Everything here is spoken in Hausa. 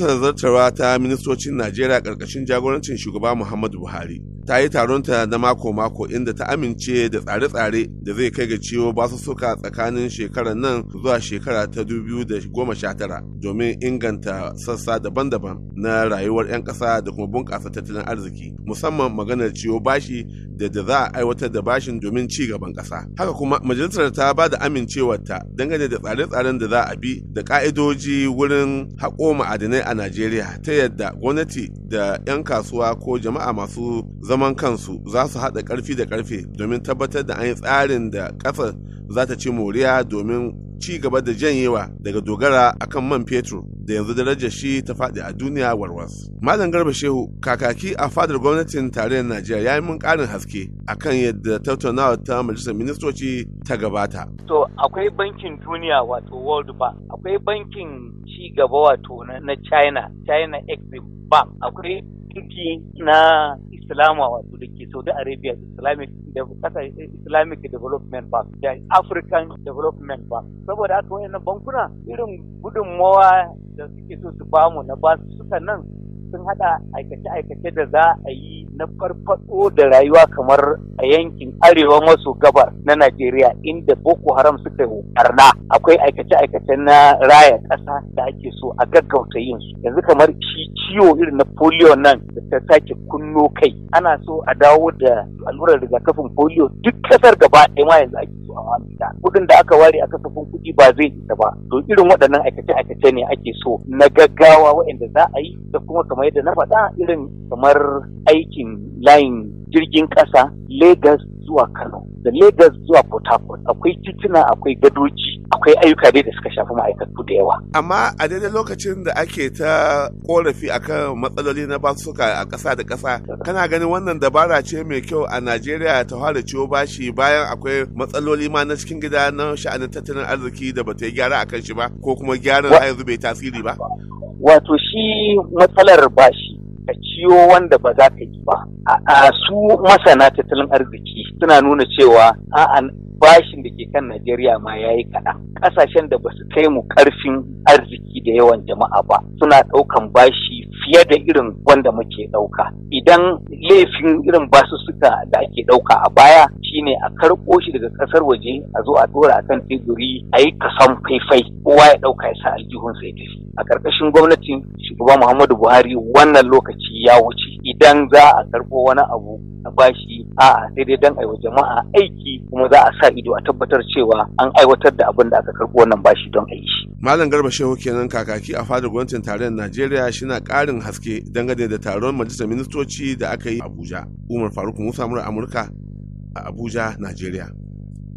Majalisar Zartarwa ta Ministocin Najeriya ƙarƙashin jagorancin Shugaba Muhammadu Buhari ta yi taronta na mako-mako inda ta amince da tsare-tsare da zai kai ga ciwo basussuka tsakanin shekarar nan zuwa shekara ta 2019 domin inganta sassa daban-daban na rayuwar 'yan ƙasa da kuma bunƙasa tattalin arziki musamman maganar ciwo bashi da da za a aiwatar da bashin domin ci gaban ƙasa haka kuma majalisar ta ba da amincewarta dangane da tsare-tsaren da za a bi da ƙa'idoji wurin haƙo ma'adanai a najeriya ta yadda gwamnati da 'yan kasuwa ko jama'a masu zaman kansu za su haɗa ƙarfi da ƙarfe domin tabbatar da an yi tsarin da ƙasar za ta ci moriya domin ci gaba da janyewa daga dogara akan man fetur da yanzu darajar shi ta faɗi a duniya warwas. Malam Garba Shehu kakaki a fadar gwamnatin tarayyar Najeriya ya yi mun ƙarin haske akan yadda tattaunawar ta majalisar ministoci ta gabata. To akwai bankin duniya wato World Bank, akwai bankin ci gaba wato na China, China Exim Bank, akwai banki na islama wato da ke saudi arabia islamic islamic development bank da african development bank saboda haka wayannan bankuna irin gudunmawa da suke so su bamu na basu suka nan sun hada aikace-aikace da za a yi na farfado da rayuwa kamar a yankin arewa maso gabar na Najeriya inda Boko Haram suka yi barna akwai aikace-aikace na raya ƙasa da ake so a gaggauta yin su yanzu kamar shi ciwo irin na polio nan da ta sake kunno kai ana so a dawo da allurar rigakafin polio duk kasar gaba ɗaya ma yanzu ake kuɗin da aka ware a kasafin kuɗi ba zai isa ba to irin waɗannan aikace-aikace ne ake so na gaggawa waɗanda za a yi da kuma kamar yadda na faɗa irin kamar aikin layin jirgin ƙasa Legas zuwa Kano da Lagos zuwa Port Harcourt akwai tituna akwai gadoji akwai ayyuka dai da suka shafi ma'aikatu da yawa. Amma a daidai lokacin da ake ta korafi akan matsaloli na basuka a ƙasa da ƙasa kana ganin wannan dabara ce mai kyau a Najeriya ta fara ciwo bashi bayan akwai matsaloli ma na cikin gida na sha'anin tattalin arziki da bata yi gyara akan shi ba ko kuma gyaran yanzu bai tasiri ba. Wato shi matsalar bashi Ka ciwo wanda ba za ka yi ba a su masana tattalin arziki suna nuna cewa a'a bashin da ke kan Najeriya ma ya yi kaɗan. Ƙasashen da ba su kai mu ƙarfin arziki da yawan jama'a ba suna ɗaukan bashi fiye da irin wanda muke ɗauka idan laifin irin basussuka da ake ɗauka a baya shine a karɓo shi daga ƙasar waje a zo a ɗora akan teburi a yi kasan faifai kowa ya ɗauka ya sa aljihunsa ya tafi a ƙarƙashin gwamnatin shugaba muhammadu buhari wannan lokaci ya wuce idan za a karɓo wani abu a bashi a'a sai dai don aiwa jama'a aiki kuma za a sa ido a tabbatar cewa an aiwatar da abin da aka karɓo wannan bashi don aiki malam garba shehu kenan kakaki a fadar gwamnatin tarayyar najeriya shina karin haske dangane da taron majalisar ministoci da aka yi abuja umar faruk musa amurka a abuja najeriya